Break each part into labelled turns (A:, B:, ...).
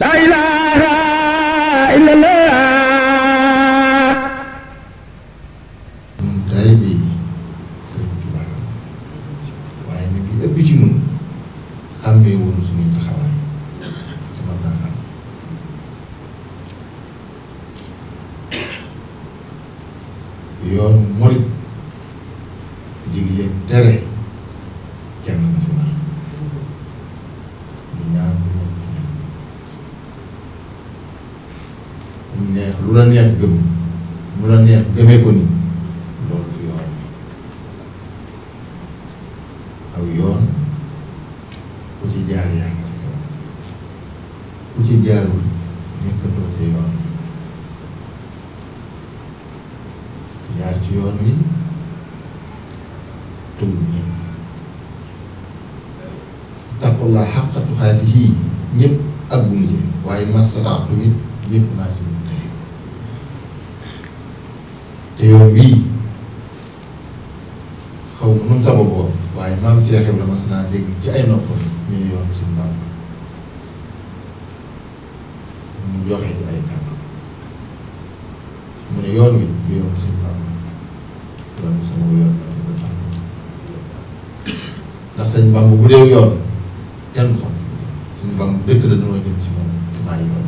A: la ilaha illallah ñu ngi yoon sëñ Bàmba mu joxe ci ay kàddu mu ne yoon wi ñu yoon sëñ Bàmba yoon sama yoon la ko jox ndax sëñ Bàmba bu dee yoon kenn xam sëñ Bàmba dëkk la dañoo jëm ci moom te maay yoon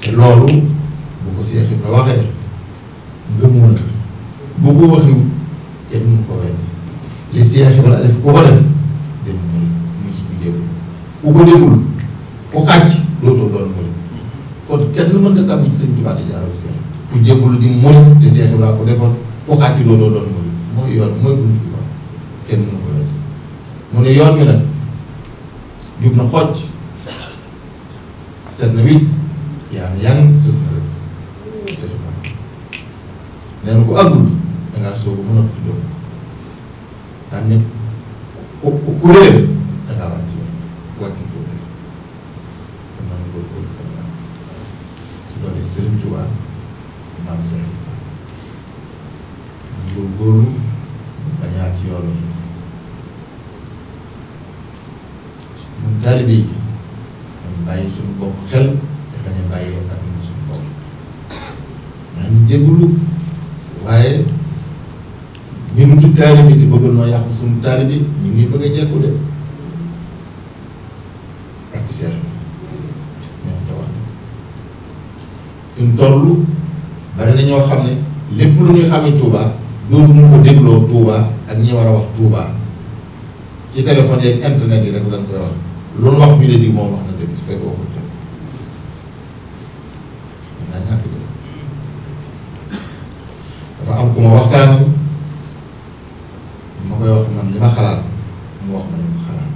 A: te loolu bu ko Seex Ibra waxee gëmoo na bu ko waxiw kenn mu ko wedd li Seex Ibra def ku ko def ku ko deful ku xàcc dootoo doon murit kon kenn mënta tàmm ci sëñ Tuubaa di jaaral seex ku di murit te Seex Ibra ko defoon ku xàcc dootoo doon murit mooy yoon kenn mënu ko yoon mu ne yoon wi nag jub na yang sës na rek Seex Ibra nee na ku àggul dangaa soobu mën a tuddoo daan ne ku ku taalibe yi dañ bàyyi suñu bopp xel te bañ a bàyyi àdduna suñu bopp maa ngi jégalu waaye ñu nutu taalibe di bëgg noo yàq suñu taalibe ñu ngi bëgg a jekku de ak seex ñoom te wax suñ toll bari na ñoo xam ne lépp lu ñuy xamee Touba ko dégloo Touba ak ñi war a wax Touba ci téléphone yeeg internet yi rek lañ koy loolu wax bii de di moom wax na dëgg su fekk waxul naa ñàkk dëgg dafa am ku ma waxtaan ma koy wax man li ma xalaat mu wax ma li ma xalaat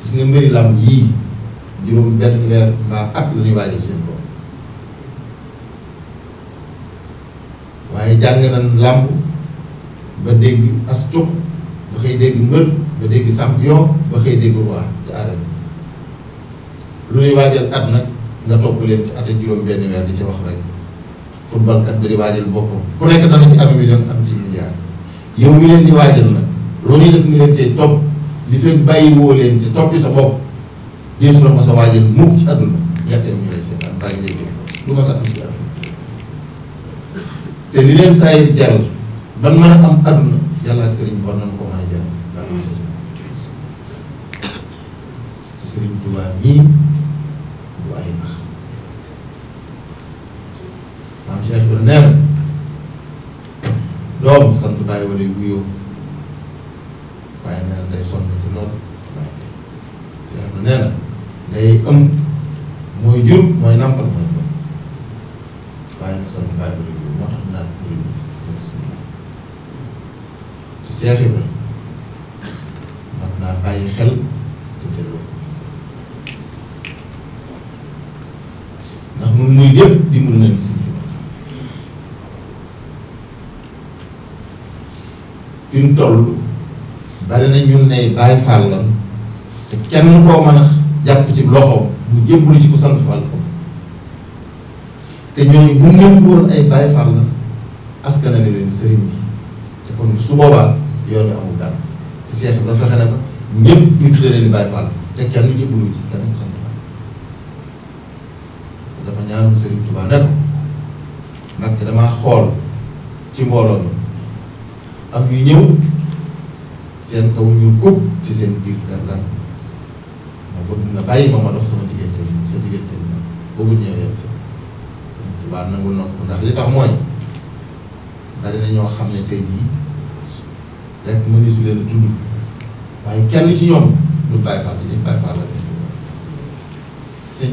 A: gis nga mbiri làmb yii juróom benn waaye jàng nañ làmb ba dégg as tuq nga dégg mbër nga dégg champion ba xëy dégg roi ci arène lu ñuy waajal at nag nga topp leen ci at ak juróom benn weer di ci wax rek football kat bi di waajal boppam ku nekk dana ci am million am ci milliard yow mi leen di waajal nag loo ñuy def nga leen cee topp li fekk bàyyi woo leen te toppi sa bopp dee su la ma sa waajal mukk ci àdduna ñetteem ma sa am ci àdduna te li leen saa yi jàll ban mën a am àdduna yàlla ak sëriñ war nañu ko Sëriñ Tuubaa nii bu ay nax maam Cheikh Ibra nee na doom sant bàyyi wala wuyoo waaye nee na day sonn ci loolu waaye tey Cheikh Ibra nee na day ëmb mooy jur mooy nampal mooy bon waaye nag sant bàyyi wala wuyoo moo tax naan luy luy sëñ te Cheikh Ibra mat naa bàyyi xel te delloo ndax ñun muy yëpp dimbali nañu si fi mu toll bari na ñun nay Baay Faal lan te kenn koo mën a jàpp ci loxo mu jébbalu ci ku sant Faal ko te ñooñu bu nekkul woon ay Baay Faal lan askan ne leen sëriñ bi te kon su boobaa yoon wi amul dara te Cheikh Ibrahima fexe na ko ñëpp ñu tuddee leen Baay Faal te kenn jébbalu ci kenn ku sant ñaanal Serigne Touba ne ko ndaxte damaa xool ci mbooloo mi am ñu ñëw seen kaw ñu góob ci seen biir dara ma bëgg nga bàyyi ma ma dox sama diggante sa diggante bi nag boobu ñëw yem ci Serigne Touba nangul na ko ndax li tax mooy bari na ñoo xam ne tey jii rek ma gisu leen dund waaye kenn ci ñoom du Baye Fall dañuy Baye Fall la sëñ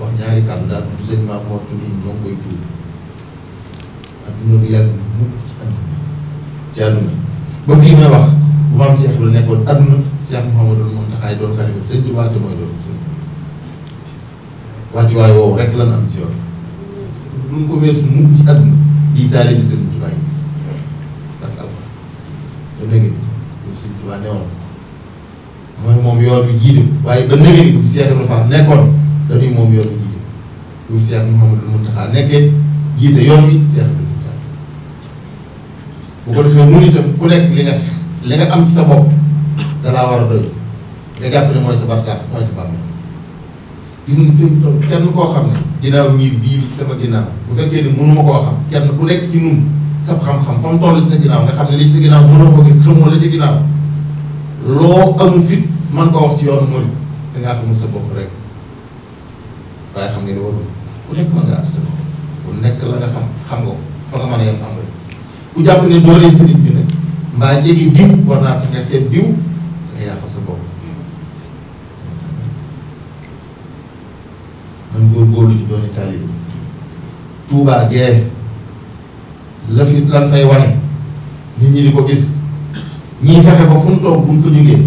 A: wax ñaari kàddu daal du sëñ maam moo tudd ñoo ngi koy tudd adduna du yàgg mukk ci adduna ci adduna ba fii wax bu maam Cheikh la nekkoon adduna Cheikh Mouhamadou Mountakha doon xalifa sëñ Tuubaa te mooy doon sëñ wàccuwaay woowu rek lan am ci yoon duñ ko weesu mukk ci adduna di taalibi sëñ Tuubaa yi ndax alfa ba léegi lu sëñ Tuubaa newoon mooy moom yoon wi jiite waaye nekkoon dañuy moom yoon wi jiite bu Cheikh Mouhamadou Mountakha nekkee jiite yoon wi Cheikh bi Mountakha bu ko defee nun itam ku nekk li nga li nga am ci sa bopp dalaa war a doy nga jàpp ne mooy sa barsàq mooy sa bàmmeel gis nga fi toll kenn koo xam ne ginnaaw miir bii ci sama ginnaaw bu fekkee ne mënuma koo xam kenn ku nekk ci nun sab xam-xam fa mu toll ci sa ginnaaw nga xam ne li ci sa ginnaaw mënoo ko gis xamoo la ci ginnaaw loo amul fit man koo wax ci yoon Mouride da ngaa sa bopp rek. waaye xam nga ni warul nekk mën ngaa arrêté ku nekk la nga xam xam nga fa nga mën a yem am nga ku jàpp ne doole sëriñ bi mbaa jéggi diw war naa fi nga xeeb diw da nga yàqal sa bopp. man góorgóorlu ci dooni taalibe Tuubaa gee la fi lan fay wane nit ñi di ko gis ñiy fexe ba fu toog bu fa jógee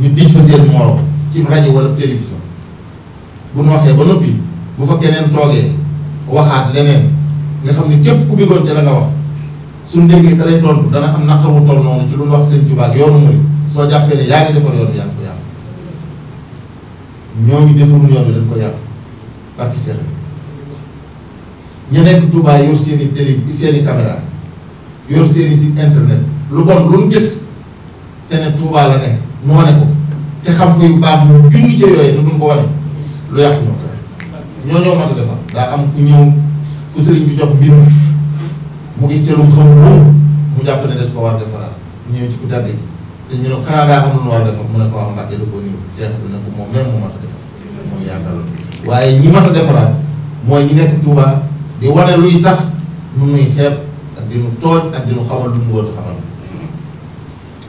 A: ñu dij fa seen morom ci rajo wala télévision. bu nu waxee ba noppi bu fa keneen toogee waxaat leneen nga xam ne képp ku bëggoon ci la nga wax suñ déggee ka lay tontu dana am naqaru toll noonu ci lu ñu wax seen jubaak yoonu murid soo jàppee ne yaa ngi defal yoonu yaa ko yàq ñooñu defaluñu yoon bi dañ ko yàq barki seex ñu nekk Touba yor seen i télé seen i caméra yor seen i internet lu bon lu ñu gis te ne la nekk noo ne ko te xam ko yu baax moom junni ca yooyu te duñ ko wane. lu yàq ñoo fay ñoo ñoo a defar daa am ku ñëw ku sëriñ bi jox mbir mu gis ca lu xamul woon mu jàpp ne des ko war a defaraat ñu ñëw ci ku tàddee ji ñu ne xanaa daa am lu war defar mu ko mu mat a defar moom yaakaar waaye ñi mat a defaraat mooy ñi nekk Touba di wane luy tax nu muy xeeb ak di nu tooj ak di nu xamal lu mu war a xamal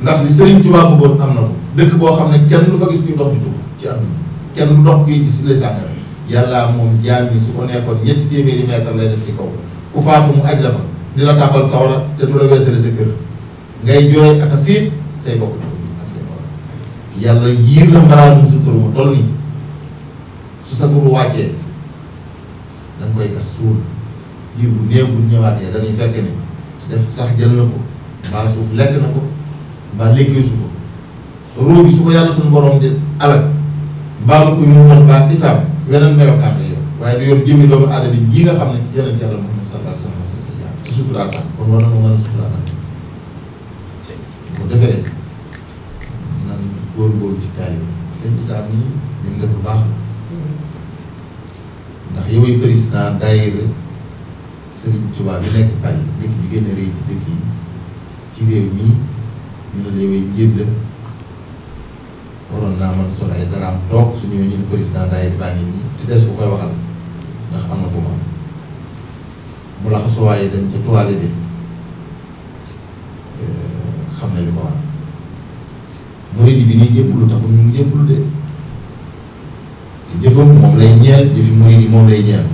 A: ndax li sëriñ Touba bëggoon am na ko dëkk boo xam ne kenn du fa gis kuy dox di dugg ci àdduna kenn du dox géej gi si lay sàngara yàlla moom jaam yi su ko nekkoon ñetti téeméeri mètre lay def ci kaw ku faatu mu aj la fa di la tàbbal sawra te du la weesale sa kër ngay jooy ak a siit say ko gis ak mu toll nii su sa guru wàccee da nga koy gas yiir bu néew bu ñëwaatee dañuy fekk ne def sax jël na ko mbaa suuf lekk na ko mbaa lékkee su ko roo su ko yàlla suñu borom di alal baalu ko ñu doon baat isaam weneen melokaan la yow waaye du yor jëmmi doomu aadama ji nga xam ne yeneen yàlla moom la sallallahu alayhi wa sallam ci sutura tax kon war na war a sutura tax bu defee nan góor-góor ci taali seen isaam nii ñu def lu baax la ndax yow président daayira Serigne Touba bi nekk Paris dëkk bi gën a rëy ci dëkk yi ci réew mii ñu ne la yow njëriñ la. waroon naa man sol ay daraam toog su ñëwee ñu ne président daay baa ngi nii te des bu koy waxal ndax am na fu ma mu la xasuwaay dem ci toilette bi euh, xam ne li ko war murid bi nii jëpplu taxul ñu jëpplu de te jëfam moom lay ñeel jëfi murid yi moom lay ñeel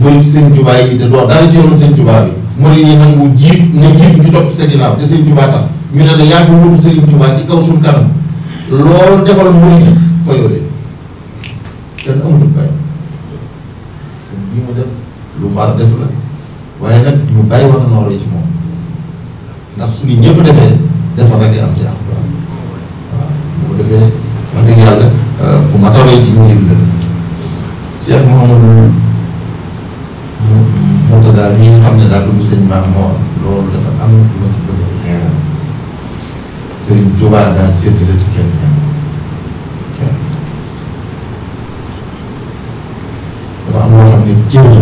A: murid seen Tuubaa yi te doo dara ci yoonu seen Tuubaa bi murid nangu jiit nga jiitu ñu topp sa ginnaaw te seen Tuubaa tax ñu ne la yaa ngi wutu Sëriñ Tuubaa ci kaw suñu kanam loolu defal murid fayoo leen kenn amul bay kon lii mu def lu mu la waaye nag ñu bari war na nooroo ci moom ndax suñu ñëpp defee defal rek di am ci am waaw bu ko defee wax dëgg yàlla euh, bu ma tawee ci njiit la Cheikh Mouhamadou Mourtada mi nga xam ne daal du sëñ maam moo loolu dafa am lu ma ci bëgg a leeral Serigne Touba daa séddale cër la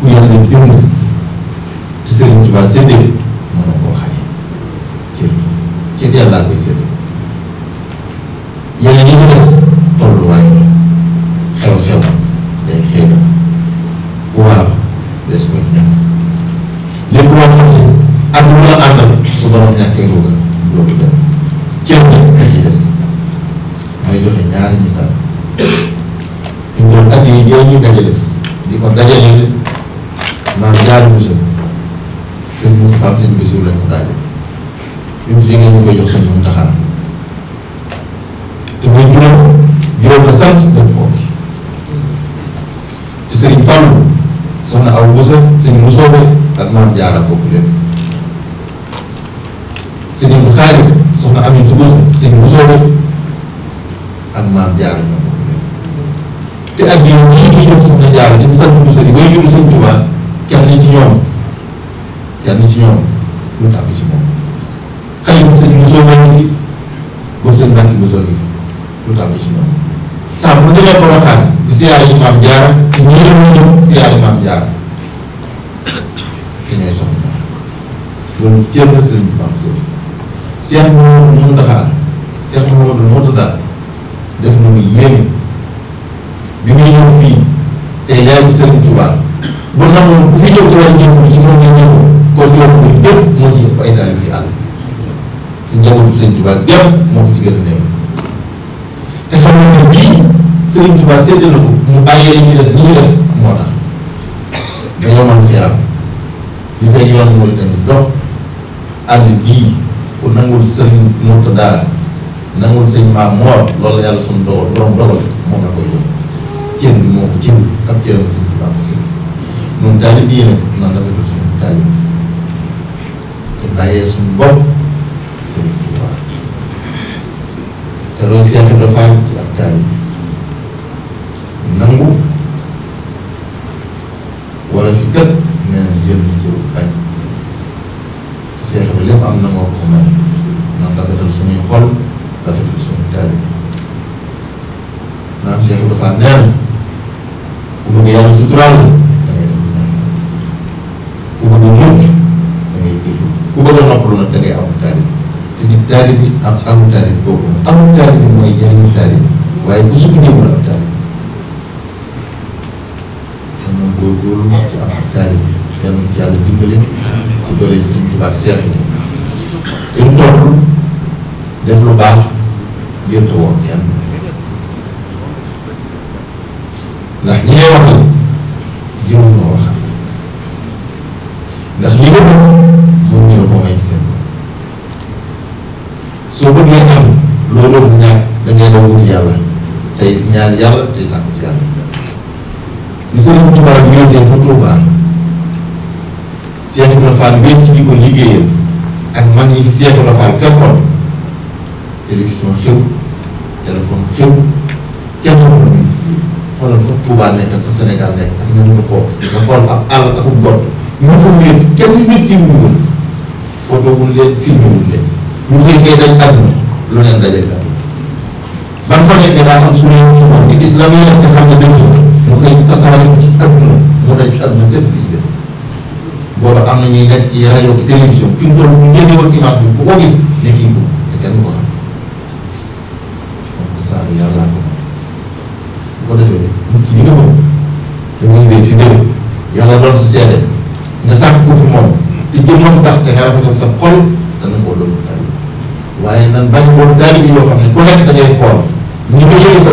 A: ku yàlla bind te Serigne Touba séddee mënoo koo xañee cër cër yàllaa koy séddee yeneen yi ci des tolluwaay xew-xew day xëy na bu waaw des koy ñàkk lépp loo xam ne ak lu la àndal su borom nga koy jox sëñ Muntaxa te muy juróom juróom la sant dañ ko bi te sëriñ Fallu soxna aw Busa sëriñ Musoobe ak maam Jaara bokk leen sëriñ Xaadir soxna Amintu Busa sëriñ Musoobe ak maam Jaara ñoo bokk leen te ak yow ñii ñu jox soxna Jaara di sant Busa di bay juru sëñ Tuubaa kenn ci ñoom kenn ci ñoom lu tàbbi ci moom xalifa sëñ Moussa maa ngi fi boobu sëñ Mbacke Moussa ngi fi lu tax ci ñoom sàmm bu demee Porokhane di siyaar yi maam Jaara ci ñëw ñëw siyaar yi maam Jaara te ñooy soxna Jaara loolu cër la sëñ bi maam sëñ Cheikh Mouhamadou Mountakha Cheikh Mouhamadou Mountakha def na mu yéeme bi muy ñëw fii tey leeru sëriñ Tuubaa fi ñëw ci wàllu ñëw ci moom nga ñëw kon yow mooy yëpp moo ci yëpp ay daal ci àll njabootu Sëriñ Tuubaa yëpp moo ko ci gën a néew te xam nga ne bii Sëriñ Tuubaa sédd na ko mu bàyyee li ñu des li ñu des moo tax nga yomal fi am li fay yoon moo tamit dox àll bii ku nangul Sëriñ Murtadaa nangul sëñ Maam Moor loolu yàlla suñu dogal borom dogal moom la koy jox cër bi moo ko cër ak cëram Sëriñ Tuubaa ko sëñ noonu taalib yi nag noonu dafa dul suñu taalib te bàyyee suñu bopp te loolu Seex Ibra Faal ci ak taali nangu wala fi gët nee na jël na ci bañ Seex Ibra lépp am na ngoo ko may nan rafetal suñuy xol rafetal suñuy taali naan Seex Ibra Faal nee na ku bëgg yàlla suturaal da ngay def ku bëgg mucc da ngay jël ku bëgg a noppalu nag da ngay am taalibe bi ak amul taalibe boobu amul taalibe bi mooy jëriñu taalibe waaye bu suñu jëmul ab taalibe te moom góorgóorlu ci am ab taalibe bi yal na ci yàlla dimbale ci doole Sëriñ Tuubaa seet te ñu toll def lu baax jënd woon kenn ndax ñi ngay waxal jëruñoo waxal ndax li nga ñaan yàlla tey sàkku ci yàlla li Sëriñ Tuubaa wéetee fa Tuubaa Seex Ibra Faal wéet ci di ko liggéeyal ak mag ñi Seex Ibra Faal fekkoon télévision xew téléphone xew kenn xamul ne xoolal fa Tuubaa nekk ak fa nekk ak ñoom ñu ko nga xool ab àll ak ub gott ñu fa wéet kenn wéet ci wuñu woon fotoowul leen filmewul leen ñu xëy kay dañ àdduna lu leen dajale ba nga fa nekkee daa am suñu yoon si moom nga gis la muy def nga xam ne dëgg ko ci mu daj ci adduna sëpp gis leen booba am na ñuy nekk ci rajo bi télévision fi mu toll bu génne woon image bi bu ko gis ne kii ko te kenn du ko xam kon saa bi yàlla ko moom bu ko defee nit ki li nga bëgg da ngay wéy fi dëgg yàlla doon si seede nga sàkk ko fi moom te jëmmam tax te nga rafetal sa xol dana ko doon taal waaye nan bañ boobu daal di ne ku nekk da ngay ñi nga yëg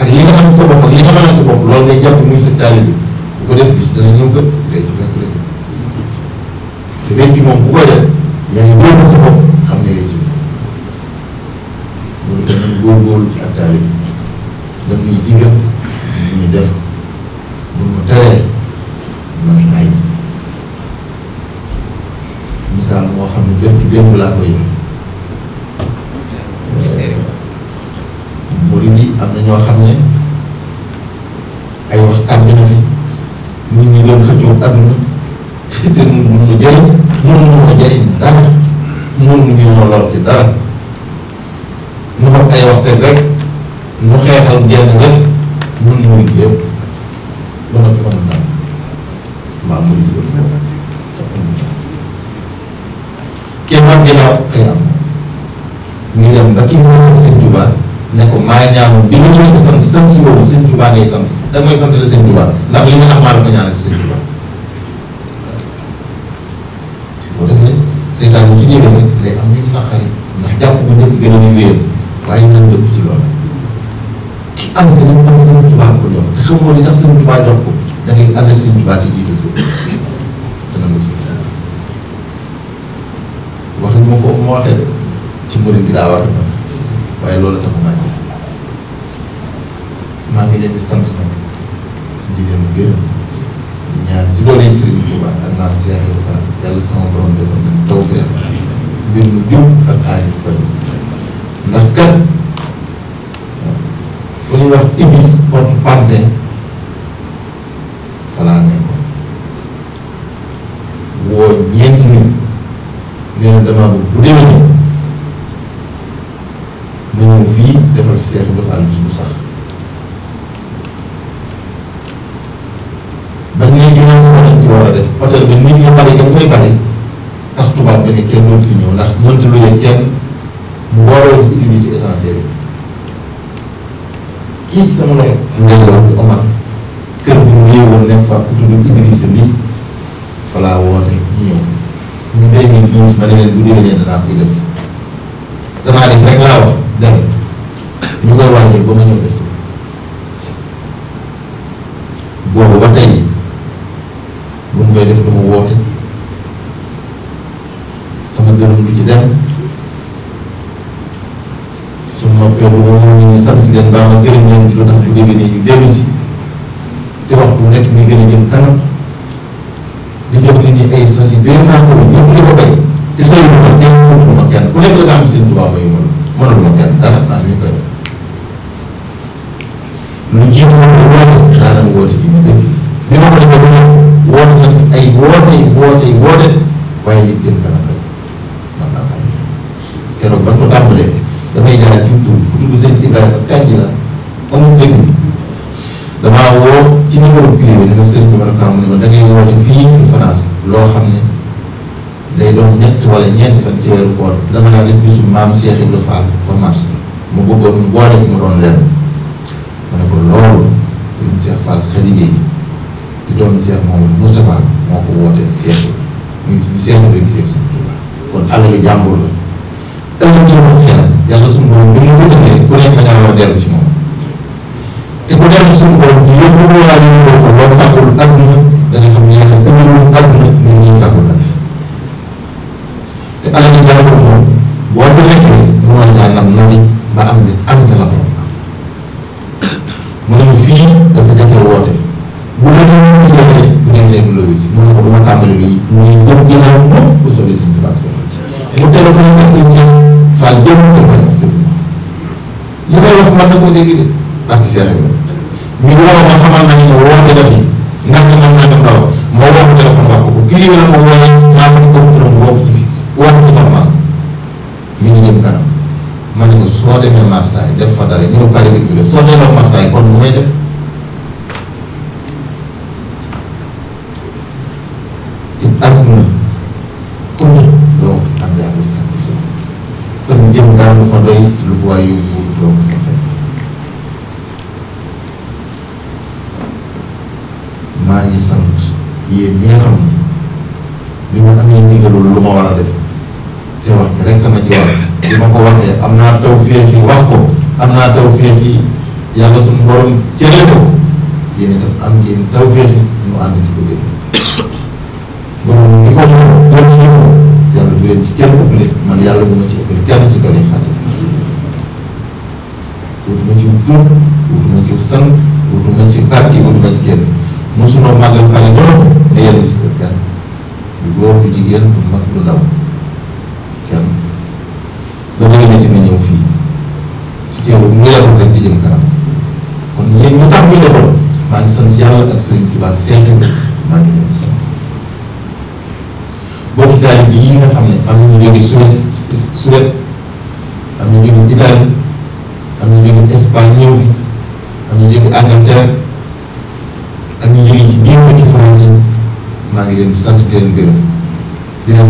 A: ak li nga am ak li nga mënal sa bopp loolu ngay jàpp muy sa taalibe bi bu ko def gis dana ñëw gën day ci fekk rek te denc moom bu koy def yaa ngi wéetal sa bopp xam ne denc moom loolu def bu mu teree man ay misaal moo xam ne gën ci démb laa waaye loolu tax maa ngi maa ngi leen di sant nag di leen gërëm di ñaan ci doole Serigne Touba ak naan Cheikh Ibrahima yàlla sama borom defal leen tawfeex mbir mu jub ak aaju faj ndax kat fu ñuy wax ibis porte pante falaa nekkoon woo ñeenti nit nee na bu bu déwénee ñu ñëw fii defal fi Seex Ibra Fall bis bu sax ba léegi ñoom hôtel bi war def hôtel bi nit ñu bari dañ fay bari tax tubaab bi ne kenn doon fi ñëw ndax mënta lu kenn mu waroon di utiliser essentiel yi kii ci sama loxo ndeyjoor bi Omar kër gi mu yéewoon nekk fa ku tudd Idrissa lii fa laa woote ñu ñëw ñu béy ñu douze ma ne leen bu déwénee danaa koy def si damaa def rek laa wax dem ñu koy wàññi ba ma ñëw des boobu def lu mu woote sama gërëm du ci dem su noppee lu ma ñu ñu sant leen baa ma gërëm leen ci lu tax bu déggee nii ñu dellu si te wax bu nekk muy gën a jëm kanam di jox nit ñi ay sas yi deux cent euros ñëpp di ko bay te xëy kenn ku nekk la nga am seen tubaab yu mën mënul ma kenn dara am ñu koy lu jiitu loolu woote daanaka woote ci biir dëkk bi ma ko defee ba woote nañ ay woote woote woote waaye li jëm kanam rek man laa bàyyi keroog ban ko tàmbalee damay jaar ci tur ku tudd sëñ Ibrahima Kandji la amul dëkk bi damaa woo ci numéro privé ni ma sëñ bi ma ne ko am ah, ne ma da ngay woote fii ci France loo xam ne day doon ñett wala ñeenti fan ci weeru koor dama naa leen bisu maam Cheikh fa mars mu bëggoon mu boole mu doon lenn ma ko loolu suñu Cheikh Fall Khadija yi di doomi Cheikh Mouhamadou Moustapha moo ko wootee Cheikh muy Cheikh Ibra gisee suñu Tuuba kon alalu jàmbur la ëllëg ci moom xel yàlla suñu ku nekk da ngaa war a dellu ci moom te ku dellu suñu borom di yëpp lu waa ñu ko loo fàggul adduna da xam ne yàlla adduna mën na koo dégg de barki Seex bi ñu woo ma xamal nañ ma woo téléphone yi ndax man naa dem ndaw ma woo ko téléphone wax ko ko kii la ma wooyee maa ko ko turam woo ko ci fii woo ko ci normal mi ngi jëm kanam ma ne ko soo demee Marseille def fa dara ñu ne pare bi ñu def soo delloo Marseille kon lu may leen ci kenn ëppale man yàlla mu ma ci ëppale kenn ci doon yi xaatim wutuma ci gëm wutuma ci sant wutuma ci barke wutuma ci kenn mosunoo màggal pare doon ne yàlla si kër kenn du góor du jigéen du mag du ndaw kenn ba léegi nag dina ñëw fii ci teewlu mu ngi defoon rek di jëm kanam kon ñeent ñu tax ñu defoon maa ngi sant yàlla ak sëriñ Tuubaa seexi maa ngi dem sant bokki taalib bi yi nga xam ne am na ñu jóge Suède Suède am na ñu jóge Italie am na ñu jóge Espagne am na ñu jóge Angleterre ak ñu jóge ci biir dëkk France yi maa ngi leen di sant di leen gërëm di nga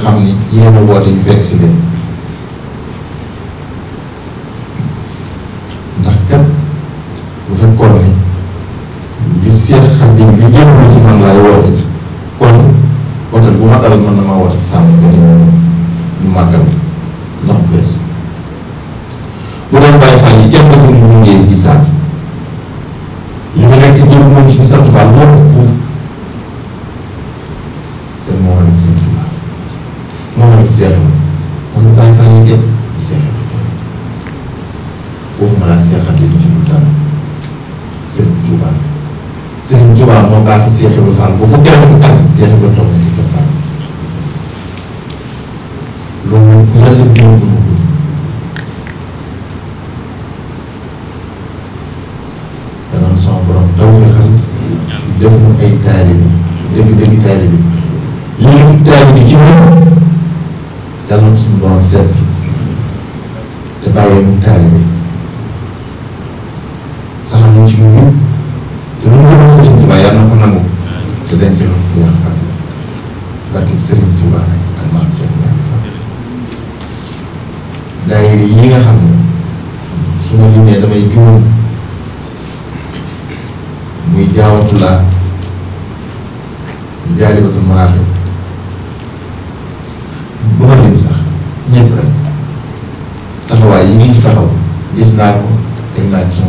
A: xam ne yéen a woote si leen ndax kat bu fekkoon ne li seet xam ne li yëpp ci man laay woote kon. bu ma dalal mën na maa woote ci sàmm bi ñu màggal ndox bu bees bu doon bàyyi faa yi jàpp ko ñu ngi ci sàmm li nga nekk jëm moom ci sant Fall moo ko fuuf te moo waral seen tubaab moo waral seexam kon bàyyi faa yi jëpp seexam waxuma laa seexam yi ci lu dara seen tubaab seen tubaab moo baax seexam Fall bu fa gën a tànn seexam la toog jëf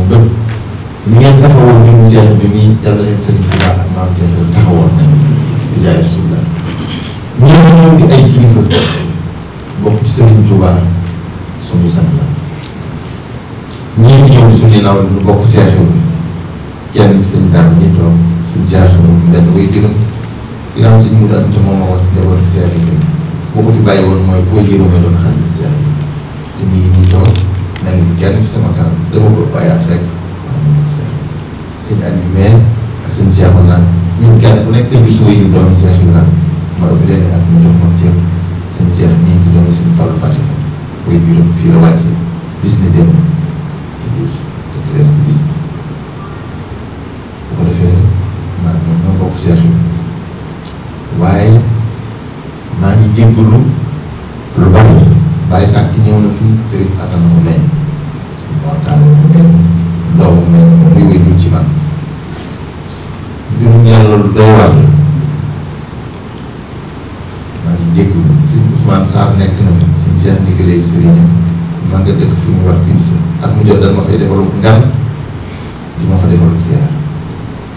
A: ba ni ngeen taxawoon ni mu seex bi nii yàlla leen sëñ Tuubaa ak maam seex bi taxawoon nañu di jaay suuf la ñoom ñoo di ay kilifa bokk ci sëriñ Tuubaa suñu sang la ñii fi ñëw suñu naaw ñu bokk seexew bi kenn sëñ daam ñi toog suñ seexew bi benn way gërëm ginnaaw suñ mu am te moom a wax ci njaboot seexew bi boo ko fi bàyyi woon mooy koo jërëmee doon xam ne seexew bi te mu ngi nii toog nañu kenn ci sama kanam dama ko bàyyaat rek maa ngi ko seex sëñ Aliou mais ak sëñ Cheikh naan ñun yu doomi Seex yu naan ma ëpp leen at mu jox ma cër sëñ Cheikh nii ci doomi sëñ Fallou Fatima koy juróom fii la wàccee bis ni dem te douze te treize te bis bi bu ko defee maa ñoom ñoo bokk Seex Baye Sakk ñëw na fii Serigne Assane mu meññ Mawtaale mu meññ Ndao mu meññ muy wéy ci man mbirum yàlla lu doy waar la maa ngi jékku Serigne Ousmane nekk na si Cheikh ni léegi Serigne man nga dëkk fi mu wax Idrissa ak mu jot dañ ma fay defalum ngan di ma fa defalum siyaar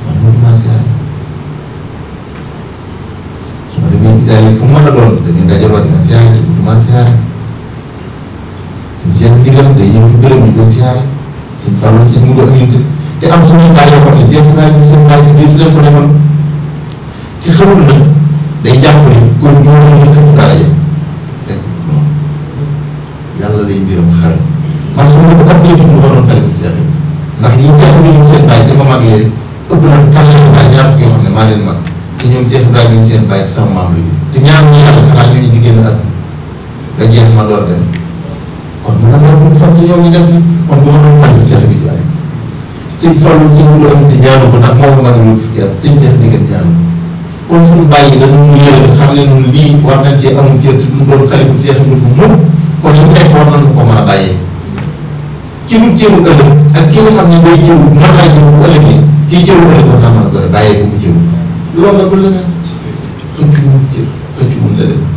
A: man moom maa siyaar su ma demee Italie fu mu mën a doon dañuy dajaloo di ma siyaare di ma siyaare suñ seet ndigal day ñëw ci bërëb ñu koy siyaare suñ farlu seen mudoo ak te am suñu baay yoo xam ne seet naa ñu seen baay bi su leen ko defoon ki xamul nag day jàpp ne kon ñoo xam ne xamul dara ya fekk non yàlla lay mbiram xare man xam ne bu kat léegi mu waroon xare bu seet ndax ñi seet bi ñu seen baay te ma mag leen ëpp na tànn baay ñaar ñoo xam ne maa leen mag te ñoom Cheikh Ibrahima ñu seen maam la ñu te ñaar ñi yàlla xanaa ñooñu di génn at nga jeex ma door dem kon mën na doon fan yow ñu des kon bu ma doon tànn Cheikh bi jaay sëñ moom nga doon gis kenn sëñ Cheikh di ngeen ñaanu kon suñu bàyyi dañu ñu yëre xam ne ñun lii war nañ cee amul jënd duñ doon xalifu Cheikh bi bu mën kon mu ko mën a bàyyee ki ñu jëru ëllëg ak ki xam ne day jëru mën naa jëru bu ëllëgee kii jëru ëllëg war naa mën a bàyyee bu mu jëru loolu la bu leneen xëccu wu jëru xëccu wu leneen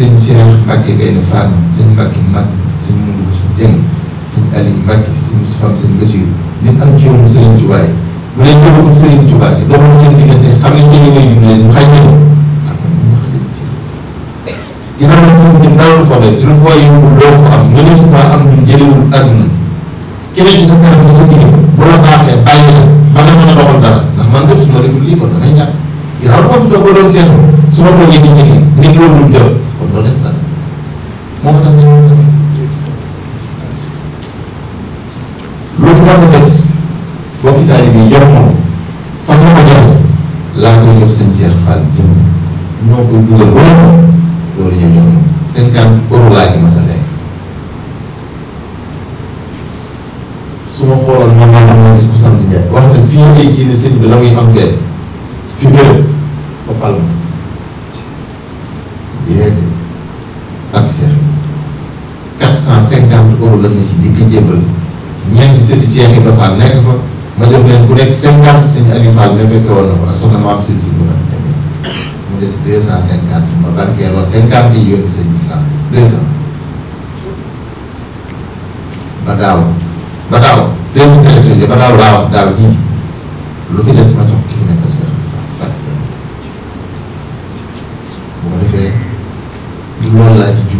A: sëñ Cheikh Mbacke Gaynde Fatma sëñ Mbacke Mbacke sëñ Moundou sëñ Dieng sëñ Aliou Mbacke sëñ Moustapha sëñ Basir li mu am ci yoonu Serigne Touba yi bu leen jëloon Serigne Touba yi doxal seen diggante xam ne seen i wéy ñu leen ñu xañ leen ah kon ñu wax leen ci. ginnaaw nag sëñ bi ndaw la foofu ci lu foo yóbbu doo ko am nga ne souvent am ñu jëlewul àdduna keneen ci sa kanam ba sa digg bu la baaxee bàyyi la ba nga mën a doxal dara ndax man de su ma deful lii kon da ngay ñàkk ginnaaw lu ma fi toog ba doon seetlu su ma toogee di njëkk nit loolu du jël loolu yëpp la moom itam dañoo mën lu ci mos a bi yor moom fan ko joxe laa koy jox seen Cheikh Fall jëm ñoo koy dugal wala ko loolu ñëw jox moom cinquante euros laa ci mas a lekk su ma xooloon man maa ngi gis ko sant Ndiaye wax na fii ngay kii Cheikh quatre cent cinquante euros lan la ci njëkk a jébbal ñeenti sëti Cheikh Ibrahima Fall nekk fa ma jox leen ku nekk cinquante sëñ Aliou Fall nga fekke woon na ko ak soxna ma am suñ si bu doon fekkee mu des deux cent cinquante ma barkeeloo cinquante yi yónni sëñ bi cent deux cent ba daaw ba daaw deux mille treize jooju ba daaw daaw ji lu fi ma jox ki fi nekkal Cheikh Ibrahima Fall bu ko defee loolu laa ci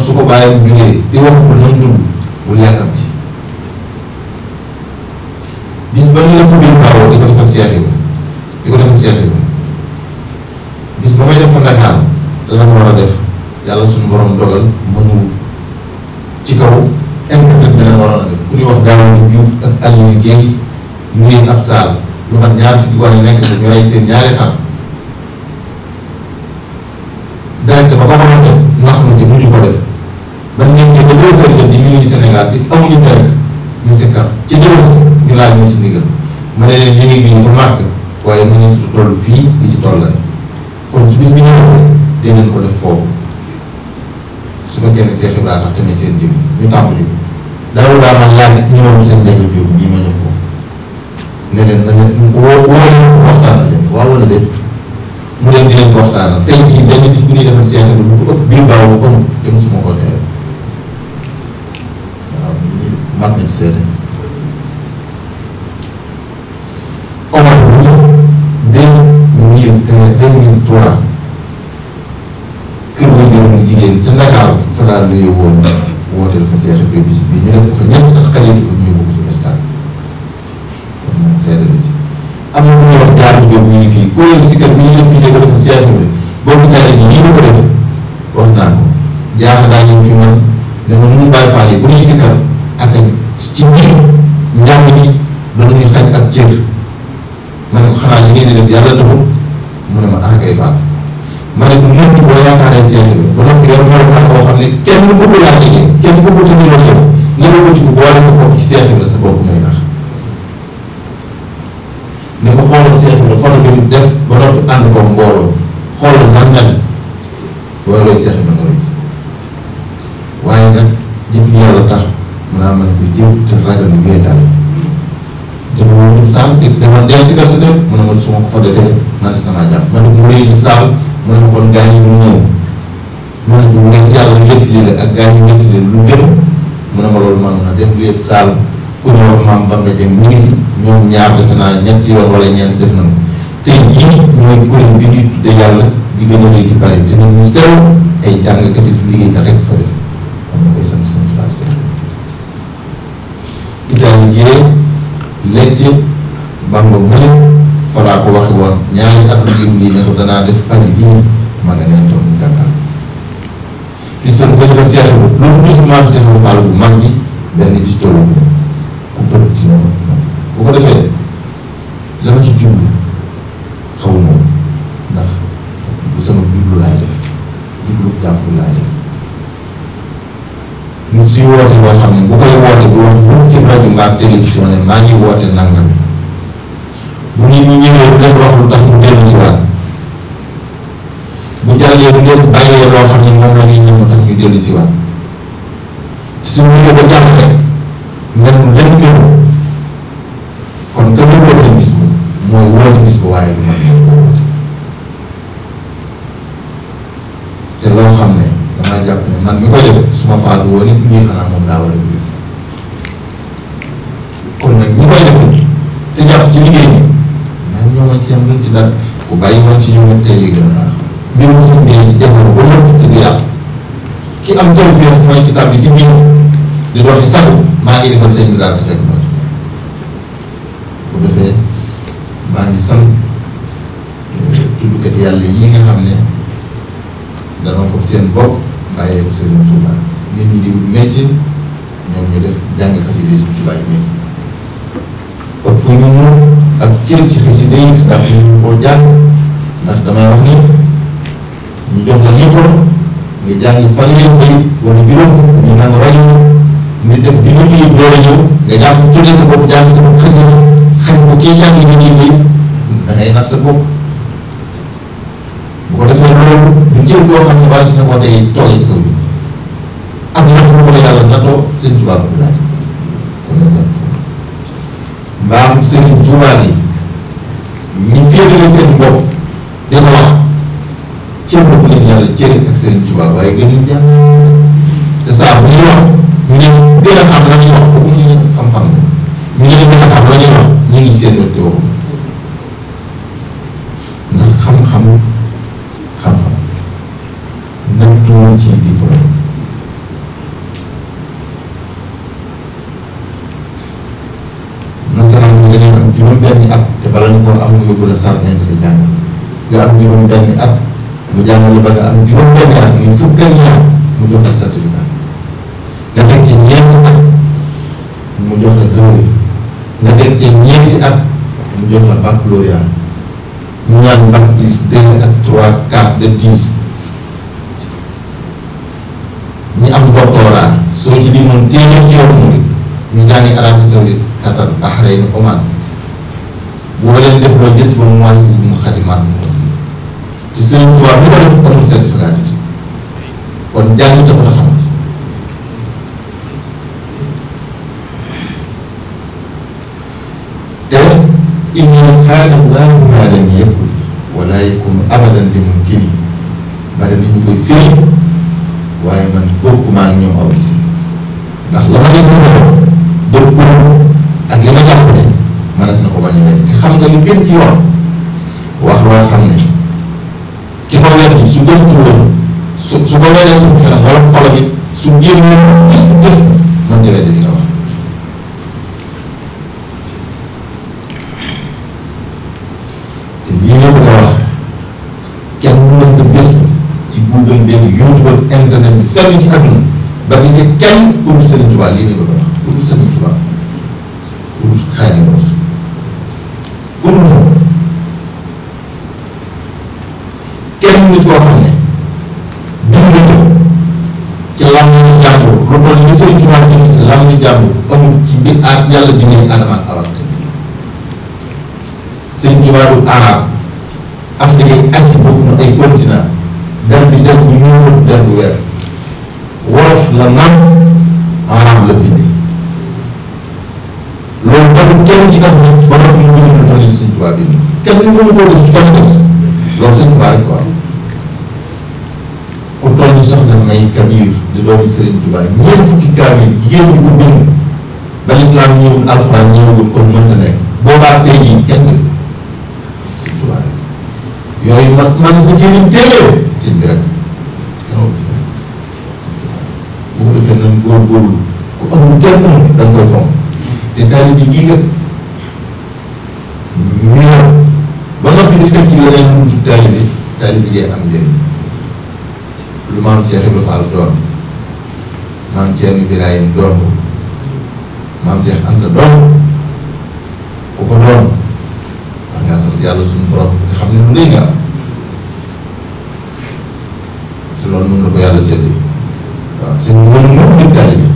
A: kon su ko bàyyi jugee di wax ko nañ dund yàkkam ci bis ba ñu la public parole di ko defal Cheikh di ko defal Cheikh bis ba may def fa Ndakaar lan war a def yàlla suñu borom dogal mënul ci kaw internet bi lan a def ku ñuy wax Daawuda Diouf ak Aliou Guèye ñu ngi ab saal lu mat ñaar fukki gone nekk ñu rey seen ñaari xam direct ba ko mën a def ndax mu ci mu ñu ko def ba ñu ne ba deux heures jot ñu ngi Sénégal bi amuñu tërëkk ñu sikkar ci déwén ñu laaj ñu ci ndigal ma ne leen liggéey bi ñu fa màgg waaye ministre toll fii di ci toll la kon su bis bi ñëwee dee leen ko def foofu su ma kenn Cheikh Ibrahima tax tamit seen jëm ñu tàmbali ko daaw daa man laaj ñëwoon seen njëriñ jiw bii ma ñëw ko ne leen na leen woo woo leen waxtaan leen waaw wala déet mu dem di leen ko waxtaanal tey jii benn bis bu ñuy defal Cheikh bi bu ko ëpp biir baaw ko te mosuma ko teewee mat nañ seede Omar bi deux mille treize deux mille trois kër ga doon jigéen te Ndakaaru fa laa luye woon wooteel fa seex bi bis bi ñu nekk fa ñetti at xale fa ñu yóbbu ko ci stade kon nag seede la ci am na lu ñuy wax jaar bi ñu ngi fii kuréelu sikkat bi ñu def fii ko def seex bi boobu jaare ji ñii ko def wax naa ko jaaxal daa fi man ne ma nu mu bàyyi faal yi bu ñuy ak ci mbir njàng mi doon ñuy xaj ak cër ma ne ko xanaa li ngeen di def yàlla dugg mu ne ma ah kay faam ma ne ko lépp boo yaakaaree seex bi ba noppi yor melokaan boo xam ne kenn bëggu laa la sa bopp ngay nax ne ko xoolal seex la foto bi def ba noppi ànd ko mbooloo xoolal nan nga ne roy seex bi nga roy waaye nag jëf yàlla tax. a mën ko jël te ragal wéetaay te mu wóorul saal te demoon dell si kër si dem mu ne ma su ma ko fa defee man si damaa jàpp man mu rëy saal mu ne ma kon gaañ yi mu ñëw mu na dem wéet saal ku ñooy kuréel bi ñuy tudde yàlla di gën a léegi bari te ñun ñu sew ay jàngkat yi liggéeykat rek fa def am na koy Italiye lejj Bamba mu ne falaa ko waxe woon ñaari at yu ngi ne ko danaa def Paris gii ma nga neen toog Dakar pistolet bañ fa seetlu loolu bis maam seetlu Fall mag bi benn pistolet bi ku bët dina ma moom bu ko defee la ma ci jublu xaw ma ndax sama jublu laay def jublu jàmbur laay def mu si woote loo xam ne bu koy woote bu wax lu ci rajo mbaa télévision ne maa ngi woote nangam bu nit ñi ñëwee bu leen wax lu tax mu dellu si waat bu jàllee bu leen bàyyee loo xam ne moom la ñuy ñëw tax ñu dellu si waat su ñu ko jàpp rek nga leen melu kon gëm woote bis mooy woote bis bu waaye faatu woon it ñii xanaa moom daa war a bind kon nag ñi koy defoon te jàpp ci liggéey bi naan ci yam luñ ci dara ku bàyyi woon ci ñoom tey li gën a baax mbir mu fu dee te du yàqu ki am taw bi mooy ki tàbbi ci biir di doxi sax maa ngi defal seen daal di fekk moo ci bu defee maa ngi euh, yi nga xam ne dama foog seen bopp nit ñi di wut métier ñoom ñu def jàng xasida Sëriñ Tuubaa yi métier ëpp ñu mun ak cër ci xasida yi ndax ñu koo jàng ndax damay wax ni ñu jox la micro nga jàng fanweeri bayit wala juróom ñu naan rajo nga def juróomi yi door a ñëw nga jàng tuddee sa bopp jàng ko xasida xaj ko kii jàng ñu kii bi da ngay nax sa bopp bu ko defee loolu du njëriñ loo xam ne bari na ko tey toogee ci kaw sëñ Tuubaa bu laaj kon nag jàpp mbaam sëñ Tuubaa yi ñi féetale seen bopp dina wax cër bopp leen yàlla cër ak sëñ Tuubaa waaye gënuñ jàpp te saa bu ñuy wax ñu ne gën a xam la ñuy wax ko bu ñu ne xam-xam la ñu ne gën a xam la ñuy wax ñu ngi seen wet di waxum juróom-benni at mu jàngale ba nga am juróom-benni at muy fukk ak ñaar mu jox la certificat nga teg ci ñeenti at mu jox la gëwël nga teg mu jox la baccalauréat ñu naan ak trois quatre de dix ñi am doctorat soo ci di moom ci yoon mu ñu jàngi Arabie Saoudite Qatar Bahreïn Oman boo leen def loo gis ba mu wàññi mu xadimaat te Sëriñ Tuubaa mi ko def amul certificat bi kon jàng dafa la xam te inna xaala allahu ma lam yakun wala yakun abadan li mumkin bari ni ñu koy firi waaye man bokku maa ngi ñoom aw gis ndax mu ko bokkul ak li ma jàpp ne na ko bañ a wér te nga li gën ci yoon wax loo ne ki ko wedd su gëstu woon su su ko weddee suñu xelam wala xolam it su génnoon gis gëstu man jëlee di dina wax te lii nga bëgg a wax kenn mën na gëstu ci Google beeg YouTube internet bi fenn ci àdduna ba gisee kenn pour Serigne Touba lii sëñ Tuubaa du arab am ay as bokk na ay continent der bi der bu ñuul der bu weer wolof la nam arab la bindee loolu dafa kenn ci at bi ba noppi ñu bëgg na leen sëñ Tuubaa bind kenn ñu mënu koo ko toll ni soxna May Kabir di doomi sëriñ Tuubaa ñeent fukki kaamil jigéen ñi ko bind ba lislaam ñëwul alxuraan ñëwagul kon mënta nekk boobaa tey jii kenn yooyu man man sa jëriñ téeméer sëñ bi rek waaw bu ko defee nañ góorgóorlu ku amul kenn da nga koy fomm te taali bi jii kat ñor ba noppi di fekk ci leneen lu dul taali bi taali bi day am njëriñ lu maam Cheikh Ibrahima Fall doon maam Thierno Birahim doon maam Cheikh Anta doon ku ko doon wax ngaa sant yàlla suñu borom. xam ne lu rëy nga am te loolu moom la ko yàlla séddee waaw sëñ bi wala moom nit taalibe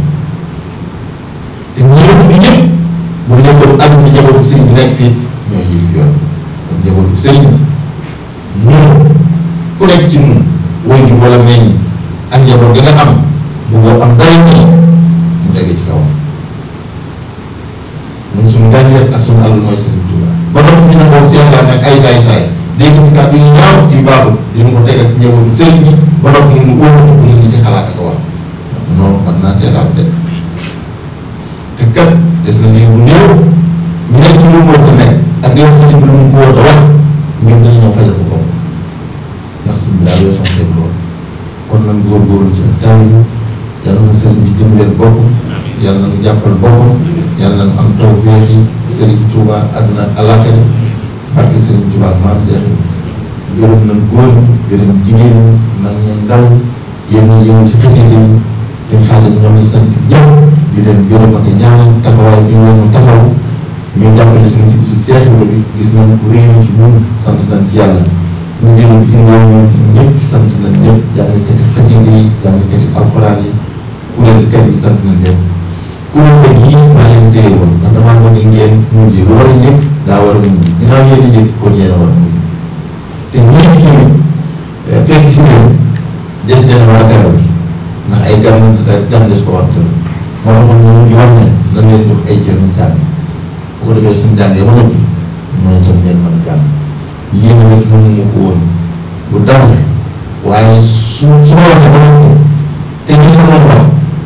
A: te njaboot bi ñëpp bu njabootu àdduna njabootu sëñ bi nekk fii ñoo ji yoon kon njabootu sëñ bi ñun ku nekk ci woy ji wala meññ ak njaboot gi am bu boo am dara ñii mu tege ci kawam ñun suñu gàncax ak suñu àll mooy sëñ borom bi nangoo seetaan nag ay saay-saay dégg ci kàddu yu ñaaw yu baaxul dina ko tegal ci njabootu sëriñ bi ba noppi mu wóor ko ñu ci xalaat ak wax noonu mat naa seetaan de te kat des na léegi bu néew ñu nekk ci lu mu war a nekk ak yow sëriñ bi lu mu ko war a wax ñun dañu ñëw fajal ko bopp ndax suñu daal yoo sax dégg loolu kon nan góorgóorlu ci ak taw yi yàlla na sëriñ bi jëmleel bopp yàlla na jàppal boppam yàlla na am taw feex yi Serigne Touba àdduna ak àllaaxira barke Serigne Touba maam Cheikh gërëm nañ góor ñi gërëm jigéen ñi nan ñeen ndaw yéen ñi ci xasida yi ñu sant ñëpp di leen gërëm ak ñaanal taxawaay bi ñu leen taxaw ñu jàppale suñu ci bisu Cheikh bi gis nañ ko réew ci ñun sant nañ ci yàlla ñu jël ci ñoom ñëpp sant nañ alxuraan yi kuréel kat yi sant nañ kuréel beeg yii maa leen téye woon ndax damaa bëgg ngeen mujj lu war a njëkk daa war a mujj dinaa ngeen di njëkk kon yéen a war a mujj te ñii tamit eh, fekk si leen des leen war a teral ndax ay gan gan des ko war a teral moo taxoon ñoom ñu war nañ la ngeen jox ay cër ñu jàng bu ko defee suñu jàng yow noppi mooy itam ngeen mën a jàng yéen a nekk mënuñu ko woon bu dara waaye su su ma waxee ba noppi te ñu sa mën wax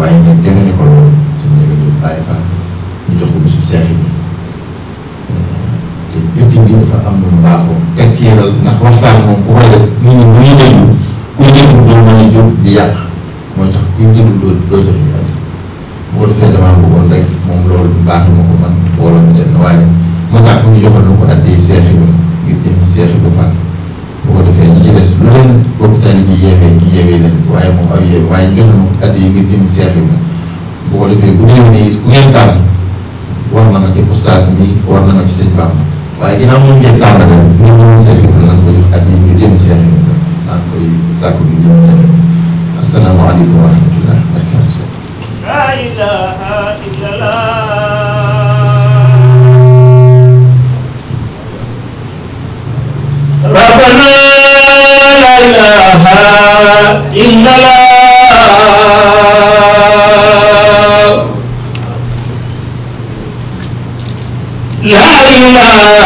A: waaye nga déglu ko loolu suñ njëkk ñu bàyyi fa ñu jox ko bisu seex bi te dëkk bi dafa am lu mu baaxoo teg yëral ndax waxtaan moom tax ku déglu doo doo jox ñu àddi bu ko defee damaa bëggoon rek moom loolu baax na ma ko man booloo mi dem na waaye masaaka ñu joxoon lu ko àddee seex bi ngir jëm seex bu fànn. bu ko defee ñi ci des lu leen bokk tali bi yeewee yeewee leen waaye moom ak yeewee waaye jox moom at yi ngir jënd seex yi bu ko defee bu déwénee nii ku ngeen na ma ci oustaz mi war na ma ci sëñ Bamba waaye ginnaaw moom ngeen tànn rek ñu mën seex yi nan ko jox at yi ngir jënd seex yi saan koy sàkku ngir jënd wa rahmatullah la ilaha لا إله إلا الله لا إله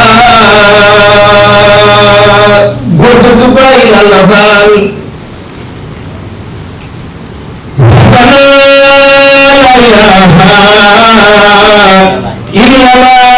A: إلا قلت بين الأبان ربنا لا إله إلا الله